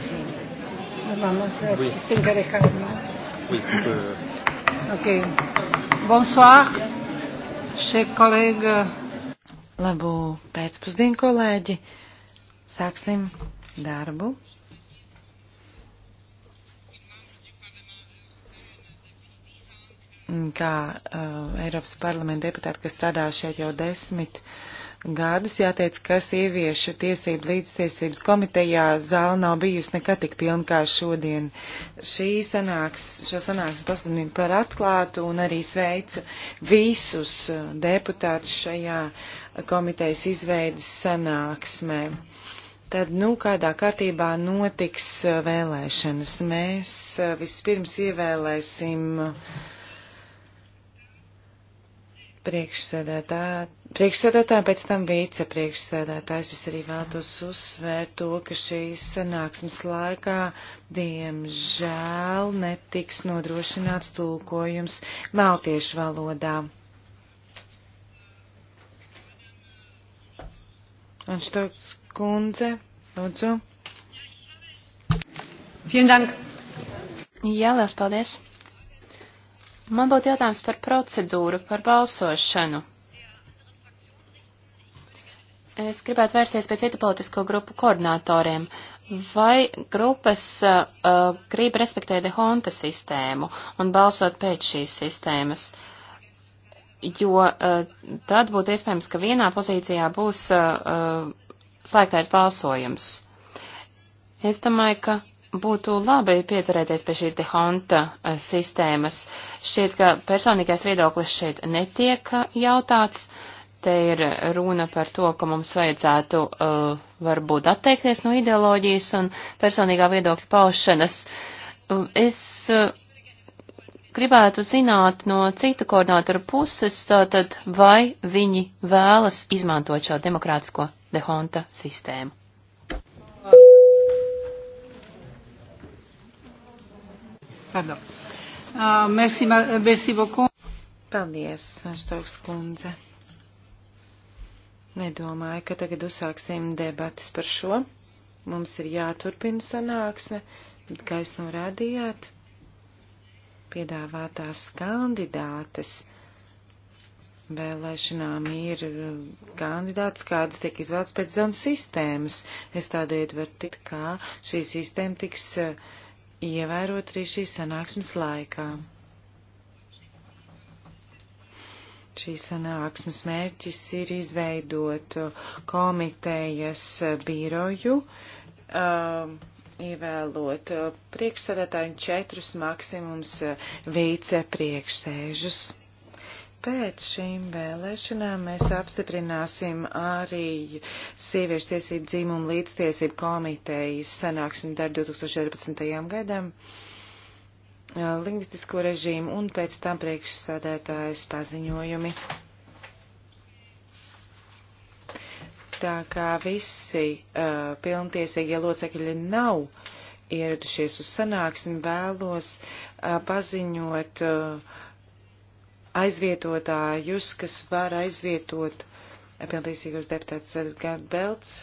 aussi. La maman, oui. c'est 5 h 15 non Oui. Euh... Ok. Bonsoir, chers collègues. Labu pēcpusdienu, kolēģi. Sāksim darbu. Kā uh, Eiropas parlamenta deputāti, kas strādā šeit jau desmit uh, gadus. Jāteic, ka sieviešu tiesību līdztiesības komitejā zāle nav bijusi nekad tik pilna kā šodien. Šī sanāks, šo sanāks pasludinu par atklātu un arī sveicu visus deputātus šajā komitejas izveidas sanāksmē. Tad, nu, kādā kārtībā notiks vēlēšanas? Mēs eh, vispirms ievēlēsim uh, Priekšsēdētājiem pēc tam vicepriekšsēdētājs es arī vēlos uzsvērt to, ka šīs sanāksmes laikā, diemžēl, netiks nodrošināts tulkojums maltiešu valodā. Un štoks kundze, lūdzu. Vielen Dank. Jā, liels paldies. Man būtu jautājums par procedūru, par balsošanu. Es gribētu vērsties pie citu politisko grupu koordinatoriem. Vai grupas uh, uh grib respektēt dehonta sistēmu un balsot pēc šīs sistēmas? Jo uh, tad būtu iespējams, ka vienā pozīcijā būs uh, uh slēgtais balsojums. Es domāju, ka būtu labi pieturēties pie šīs dehonta eh, sistēmas. Šķiet, ka personīgais viedoklis šeit netiek eh, jautāts. Te ir runa par to, ka mums vajadzētu uh, varbūt atteikties no ideoloģijas un personīgā viedokļa paušanas. Es uh, gribētu zināt no cita koordinātora puses, tātad vai viņi vēlas izmantot šo demokrātisko dehonta sistēmu. Pardon. Uh, merci, euh, merci beaucoup. Paldies, Anštoks kundze. Nedomāju, ka tagad uzsāksim debatas par šo. Mums ir jāturpina sanāksme, bet, kā jūs norādījāt, piedāvātās kandidātes vēlēšanām ir uh, kandidāts, kādas tiek izvēlēts pēc zonas sistēmas. Es tādēļ varu tikt, kā šī sistēma tiks. Uh, ievērot arī šīs sanāksmes laikā. Šīs sanāksmes mērķis ir izveidot komitejas biroju, um, ievēlot priekšsēdētāju četrus maksimums vicepriekšsēžus. Pēc šīm vēlēšanām mēs apstiprināsim arī sieviešu tiesību dzīmumu līdztiesību komitejas sanāksmi dar 2014. gadam lingvistisko režīmu un pēc tam priekšsādētājas paziņojumi. Tā kā visi uh, pilntiesīgie locekļi nav ieradušies uz sanāksmi, vēlos uh, paziņot uh, aizvietotājus, kas var aizvietot pilntiesīgos deputātus Gārds Belts,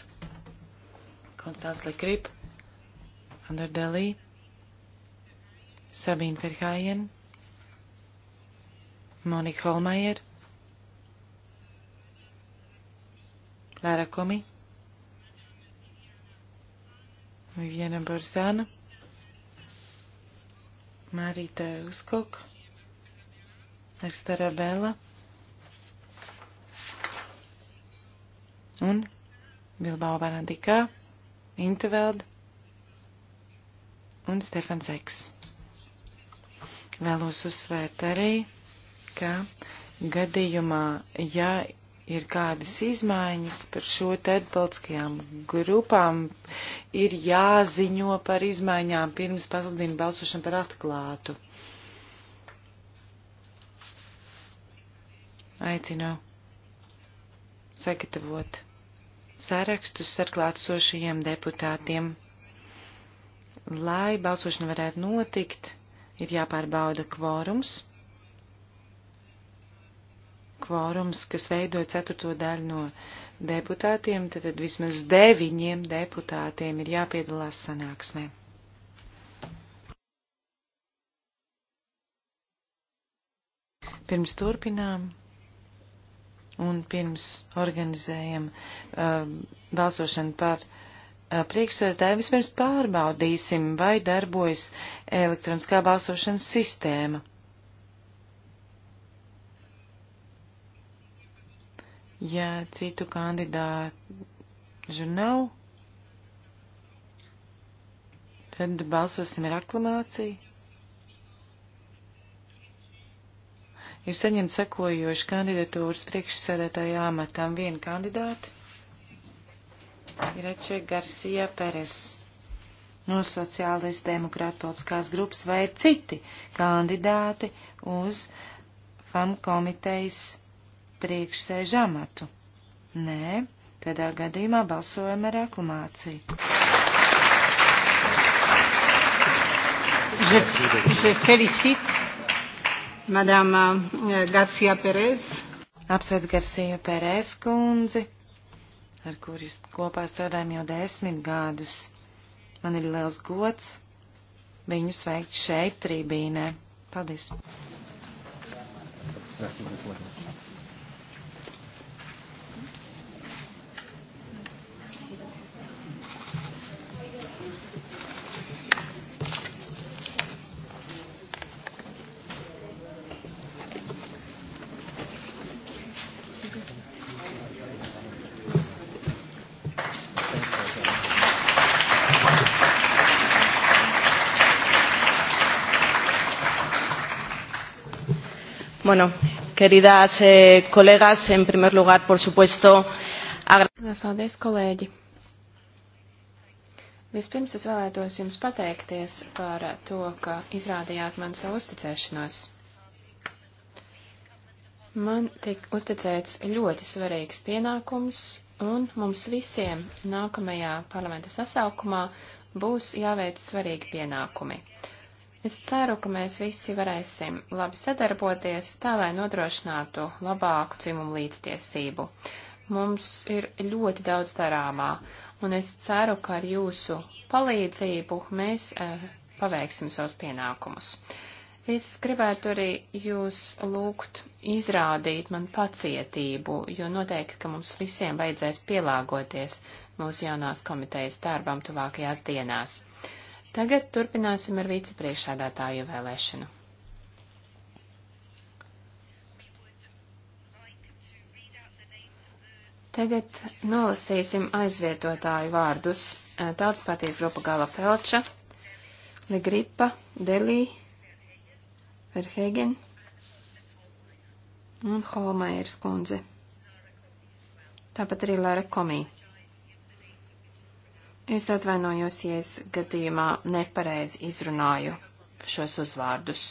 Konstants Lekrip, Andor Delī, Sabīna Ferhājien, Monika Holmajer, Lara Komi, Viviana Borzana, Marita Uskok. Teks Tarabela un Bilbao Barandikā, Inteveld un Stefans Eks. Vēlos uzsvērt arī, ka gadījumā, ja ir kādas izmaiņas par šo te atbalstiskajām grupām, ir jāziņo par izmaiņām pirms pasludina balsošanu par atklātu. aicinu sagatavot sarakstus ar klātsošajiem deputātiem. Lai balsošana varētu notikt, ir jāpārbauda kvorums. Kvorums, kas veido ceturto daļu no deputātiem, tad, tad vismaz deviņiem deputātiem ir jāpiedalās sanāksmē. Pirms turpinām un pirms organizējam uh, balsošanu par uh, priekšsēdētāju, vispirms pārbaudīsim, vai darbojas elektroniskā balsošanas sistēma. Ja citu kandidātu nav, tad balsosim ar aklamāciju. ir saņemt sekojoši kandidatūras priekšsēdētāja amatam. Viena kandidāti ir Eče Garcia Peres no sociālais demokrāta politiskās grupas vai ir citi kandidāti uz FAM komitejas priekšsēžu amatu. Nē, tādā gadījumā balsojam ar aklamāciju. Je, je félicite Madame eh, Garcia Perez. Apsveic Garcia Perez kundzi, ar kuru kopā strādājam jau desmit gadus. Man ir liels gods viņu sveikt šeit, trībīnē. Paldies! Merci beaucoup. Bueno, queridas eh, colegas, en primer lugar, por supuesto, agradecer. Paldies, kolēģi! Vispirms es vēlētos jums pateikties par to, ka izrādījāt man savu uzticēšanos. Man tik uzticēts ļoti svarīgs pienākums, un mums visiem nākamajā parlamenta sasaukumā būs jāveic svarīgi pienākumi. Es ceru, ka mēs visi varēsim labi sadarboties tā, lai nodrošinātu labāku dzimumu līdztiesību. Mums ir ļoti daudz darāmā, un es ceru, ka ar jūsu palīdzību mēs eh, paveiksim savus pienākumus. Es gribētu arī jūs lūgt izrādīt man pacietību, jo noteikti, ka mums visiem vajadzēs pielāgoties mūsu jaunās komitejas darbam tuvākajās dienās. Tagad turpināsim ar vicepriekšādātāju vēlēšanu. Tagad nolasīsim aizvietotāju vārdus. Tautas partijas grupa Gala Pelča, Ligripa, Delī, Verhegen un Holmairs kundze. Tāpat arī Lara Komija. Es atvainojos, ja es gadījumā nepareizi izrunāju šos uzvārdus.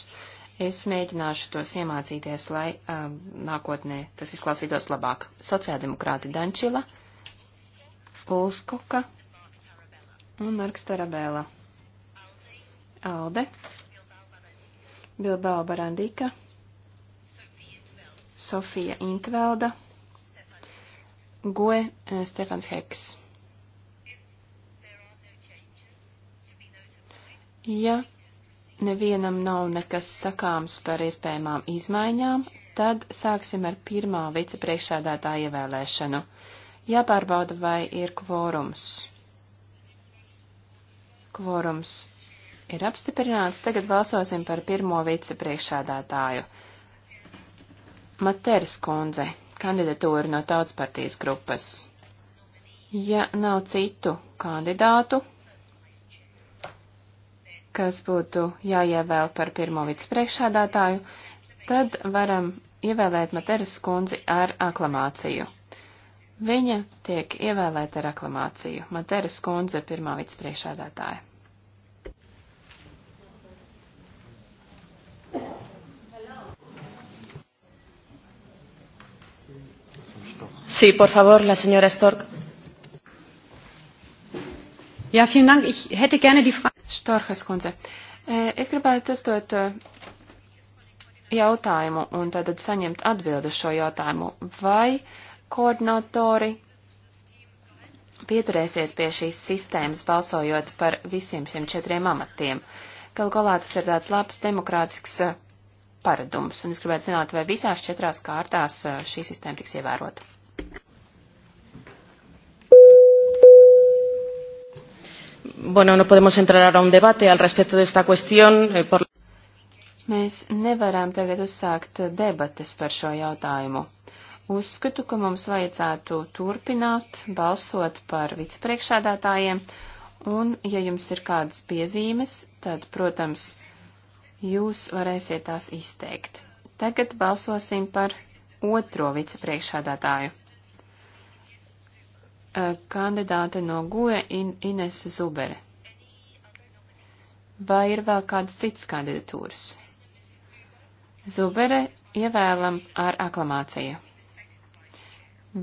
Es mēģināšu tos iemācīties, lai um, nākotnē tas izklausītos labāk. Sociāldemokrāti Dančila, Ulskuka un Marks Tarabēla. Alde, Bilbao Barandika, Sofija Intvelda, Goe eh, Stefans Heks. Ja nevienam nav nekas sakāms par iespējamām izmaiņām, tad sāksim ar pirmā vicepriekšādātāja ievēlēšanu. Jāpārbauda, vai ir kvorums. Kvorums ir apstiprināts, tagad balsosim par pirmo vicepriekšādātāju. Materis kundze, kandidatūra no tautspartijas grupas. Ja nav citu kandidātu, kas būtu jāievēl par pirmo vicepriekšādātāju, tad varam ievēlēt Materas kundzi ar aklamāciju. Viņa tiek ievēlēta ar aklamāciju. Materas kundze pirmā vicepriekšādātāja. Sí, por favor, la señora Stork. Ja, vielen Dank. Ich hätte gerne die Frage. Štorhas kundze, e, es gribētu uzdot e, jautājumu un tātad saņemt atbildi šo jautājumu. Vai koordinatori pieturēsies pie šīs sistēmas, balsojot par visiem šiem četriem amatiem? Galu galā tas ir tāds labs demokrātisks e, paradums, un es gribētu zināt, vai visās četrās kārtās šī sistēma tiks ievērota. bueno, no podemos entrar ahora a un debate al respecto de esta cuestión. Eh, por... Mēs nevaram tagad uzsākt debates par šo jautājumu. Uzskatu, ka mums vajadzētu turpināt balsot par vicepriekšādātājiem, un, ja jums ir kādas piezīmes, tad, protams, jūs varēsiet tās izteikt. Tagad balsosim par otro vicepriekšādātāju. Eh, kandidāte no GUE In Inese Zubere. Vai ir vēl kādas citas kandidatūras? Zubere ievēlam ar aklamāciju.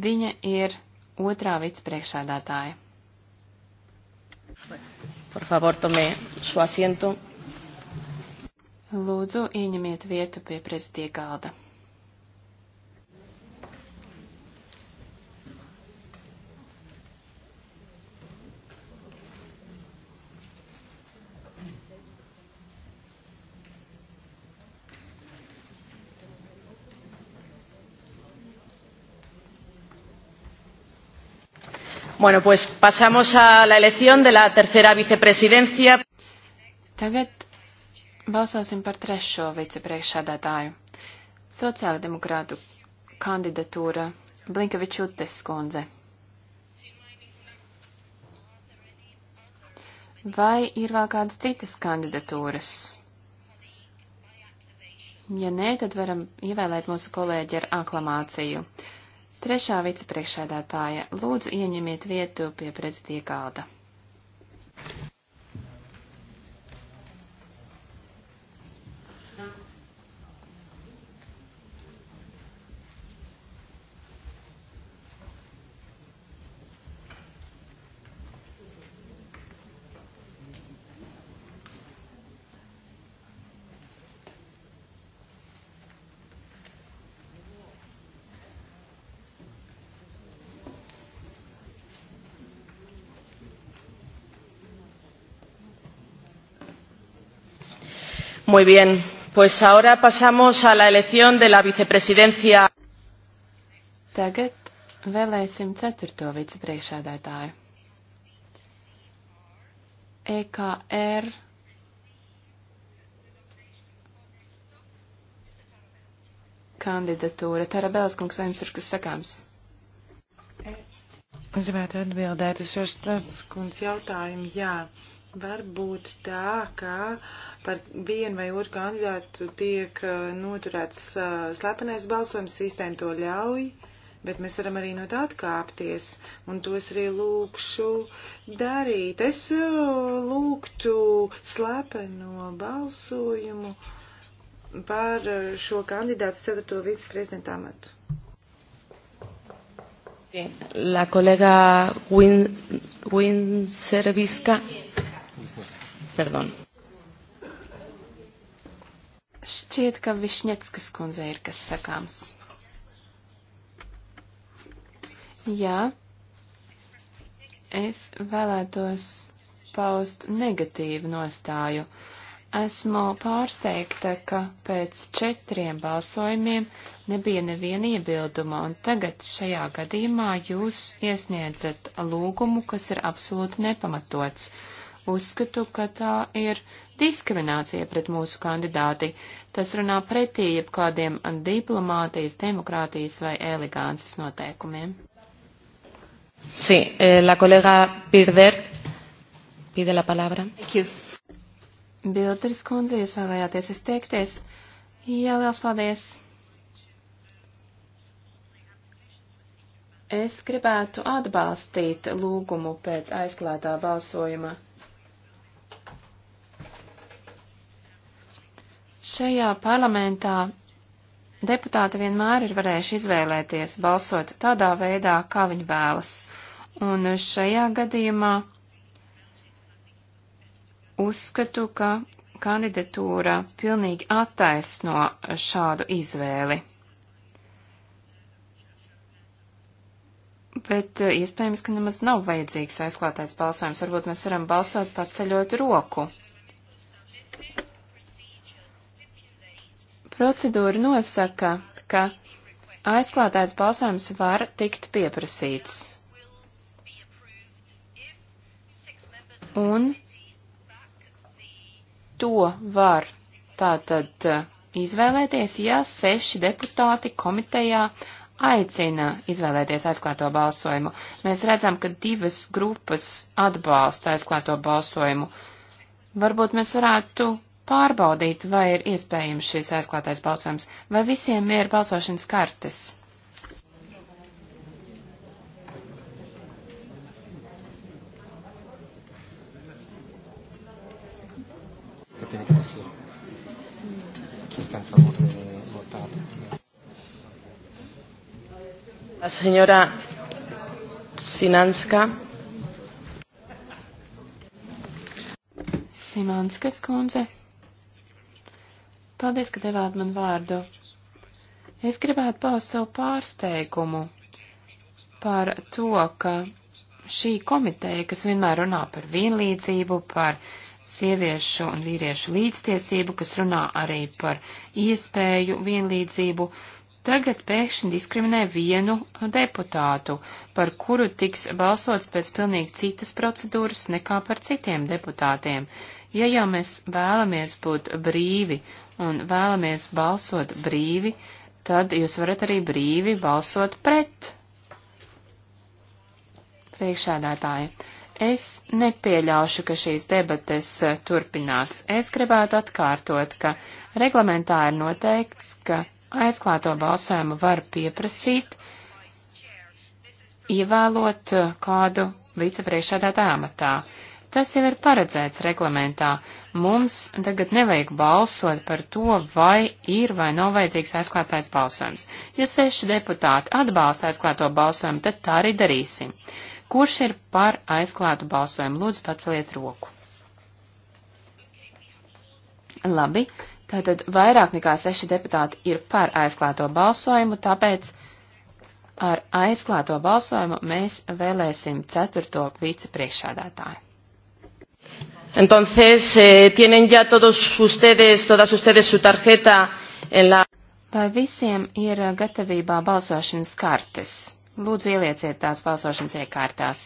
Viņa ir otrā vicepriekšādātāja. Por favor, tome su asiento. Lūdzu, ieņemiet vietu pie prezidija galda. Bueno, pues pasamos a la elección de la tercera vicepresidencia. Tagad balsosim par trešo vicepriekšādātāju. Sociāldemokrātu kandidatūra Blinkevičutes kundze. Vai ir vēl kādas citas kandidatūras? Ja nē, tad varam ievēlēt mūsu kolēģi ar aklamāciju. Trešā vicepriekšēdētāja, lūdzu ieņemiet vietu pie prezidija galda. Muy bien, pues ahora pasamos a la elección de la vicepresidencia. Tagad vēlēsim ceturto vicepriekšādētāju. EKR kandidatūra. Tarabēlas kungs, vai jums ir kas sakāms? Es gribētu atbildēt uz šo stundas kundas jautājumu. Jā. Uh, Var būt tā, ka par vienu vai otru kandidātu tiek uh, noturēts uh, slepenais balsojums, sistēma to ļauj, bet mēs varam arī no tā atkāpties, un to es arī lūkšu darīt. Es uh, lūgtu slepeno balsojumu par šo kandidātu 4. viceprezidenta amatu. La kolega Win, Win Serviska. Yes. Pardon. Šķiet, ka Višņeckas kundze ir kas sakāms. Jā, es vēlētos paust negatīvu nostāju. Esmu pārsteigta, ka pēc četriem balsojumiem nebija neviena iebilduma, un tagad šajā gadījumā jūs iesniedzat lūgumu, kas ir absolūti nepamatots. Uh, Uzskatu, ka tā ir diskriminācija pret mūsu kandidāti. Tas runā pretī jebkādiem diplomātijas, demokrātijas vai elegances noteikumiem. Sí, eh, la colega Pirder pide la palabra. Thank you. Bilders kundze, jūs vēlējāties izteikties. Jā, liels paldies. Es gribētu atbalstīt lūgumu pēc aizklātā balsojuma. Šajā parlamentā deputāti vienmēr ir varējuši izvēlēties balsot tādā veidā, kā viņi vēlas. Un šajā gadījumā uzskatu, ka kandidatūra pilnīgi attaisno šādu izvēli. Bet eh, iespējams, ka nemaz nav vajadzīgs aizklātais balsojums. Varbūt mēs varam balsot paceļot roku. Procedūra nosaka, ka aizklātais balsojums var tikt pieprasīts. Un to var tātad uh, izvēlēties, ja seši deputāti komitejā aicina izvēlēties aizklāto balsojumu. Mēs redzam, ka divas grupas atbalsta aizklāto balsojumu. Varbūt mēs varētu pārbaudīt, vai ir iespējams šis aizklātais balsojums, vai visiem ir balsošanas kartes. La señora Sinanska. Simanskas kundze. Paldies, ka devāt man vārdu. Es gribētu paust savu pārsteigumu par to, ka šī komiteja, kas vienmēr runā par vienlīdzību, par sieviešu un vīriešu līdztiesību, kas runā arī par iespēju vienlīdzību, tagad pēkšņi diskriminē vienu deputātu, par kuru tiks balsots pēc pilnīgi citas procedūras nekā par citiem deputātiem. Ja jau mēs vēlamies būt brīvi un vēlamies balsot brīvi, tad jūs varat arī brīvi balsot pret. Priekšēdētāji, es nepieļaušu, ka šīs debates eh, turpinās. Es gribētu atkārtot, ka reglamentā ir noteikts, ka aizklāto balsojumu var pieprasīt, ievēlot eh, kādu vicepriekšādātā amatā. Tas jau ir paredzēts reglamentā. Mums tagad nevajag balsot par to, vai ir vai nav vajadzīgs aizklātais balsojums. Ja seši deputāti atbalsta aizklāto balsojumu, tad tā arī darīsim. Kurš ir par aizklātu balsojumu? Lūdzu, paceliet roku. Labi, tātad vairāk nekā seši deputāti ir par aizklāto balsojumu, tāpēc ar aizklāto balsojumu mēs vēlēsim ceturto vicepriekšādātāju. Entonces, eh, ¿tienen ya todos ustedes, todas ustedes su tarjeta en la... Vai visiem ir gatavībā balsošanas kartes? Lūdzu, ielieciet tās balsošanas iekārtās.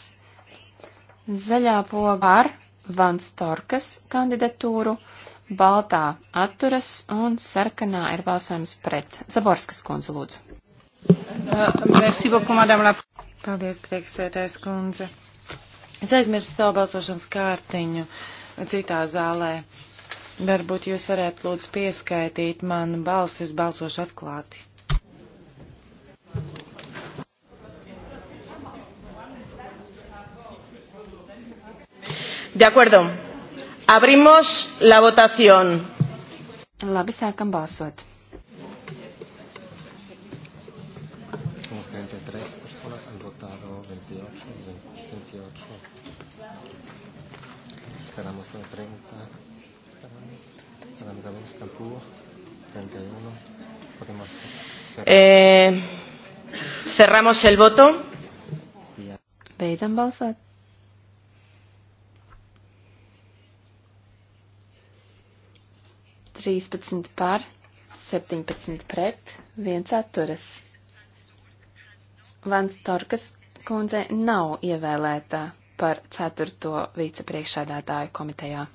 Zaļā poga ar Vans Torkas kandidatūru, baltā atturas un sarkanā ir balsojums pret. Zaborskas kundze, lūdzu. Paldies, priekšsēdētājs kundze. Es aizmirsu savu balsošanas kārtiņu. Uh, citā zālē. Varbūt jūs varētu lūdzu pieskaitīt man balsis, balsošu atklāti. De acuerdo. Abrimos la votación. Labi, sākam balsot. 130, Madame Gabos Campur, 31. Podemos cerrar. Eh, cerramos el voto. Beidzam balsot. Trīspadsmit pār, septiņpadsmit pret, viens atturas. Vans Torkas kundze nav ievēlētā par ceturto vicepriekšādātāju komitejā.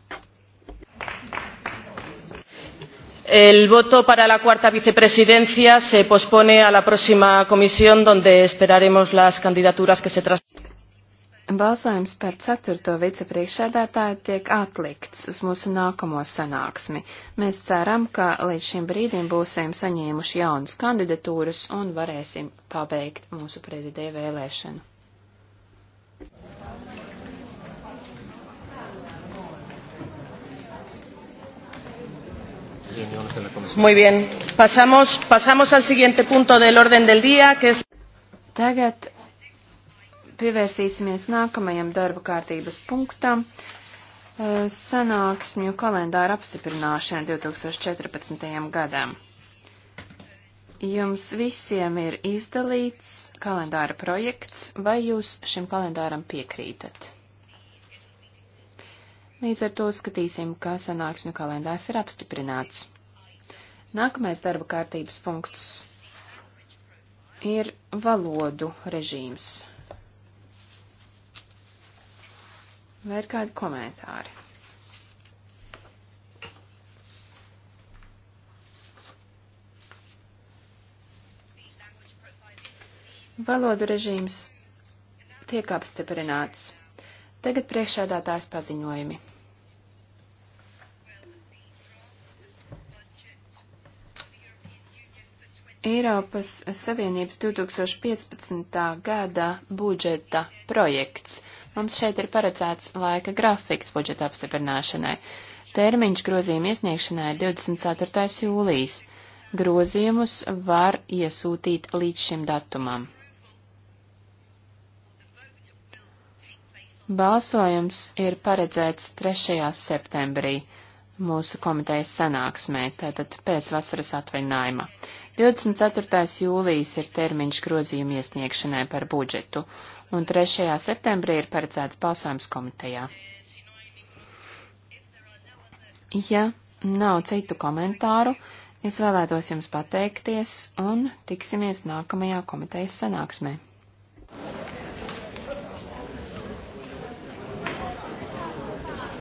El voto para la cuarta vicepresidencia se pospone a la próxima comisión, donde esperaremos las candidaturas que se tras. Balsojums par ceturto vicepriekšsēdētāju tiek atlikts uz mūsu nākamo sanāksmi. Mēs ceram, ka līdz šim brīdim būsim saņēmuši jaunas kandidatūras un varēsim pabeigt mūsu prezidē vēlēšanu. Muy bien. Pasamos, pasamos al siguiente punto del orden del día, que es. Tagad pievērsīsimies nākamajam darba kārtības punktam eh, - sanāksmju kalendāra apstiprināšana 2014. gadam. Jums visiem ir izdalīts kalendāra projekts, vai jūs šim kalendāram piekrītat? Līdz ar to skatīsim, kā sanāksmju kalendārs ir apstiprināts. Nākamais darba kārtības punkts ir valodu režīms. Vai ir kādi komentāri? Valodu režīms tiek apstiprināts. Tagad priekšādātājs paziņojumi. Eiropas Savienības 2015. gada budžeta projekts. Mums šeit ir paredzēts laika grafiks budžeta apsiprināšanai. Termiņš grozījuma iesniegšanai ir 24. jūlijas. Grozījumus var iesūtīt līdz šim datumam. Balsojums ir paredzēts 3. septembrī mūsu komitejas sanāksmē, tātad pēc vasaras atvaļinājuma. 24. jūlijas ir termiņš grozījuma iesniegšanai par budžetu, un 3. septembrī ir paredzēts balsojums komitejā. Ja nav citu komentāru, es vēlētos jums pateikties un tiksimies nākamajā komitejas sanāksmē.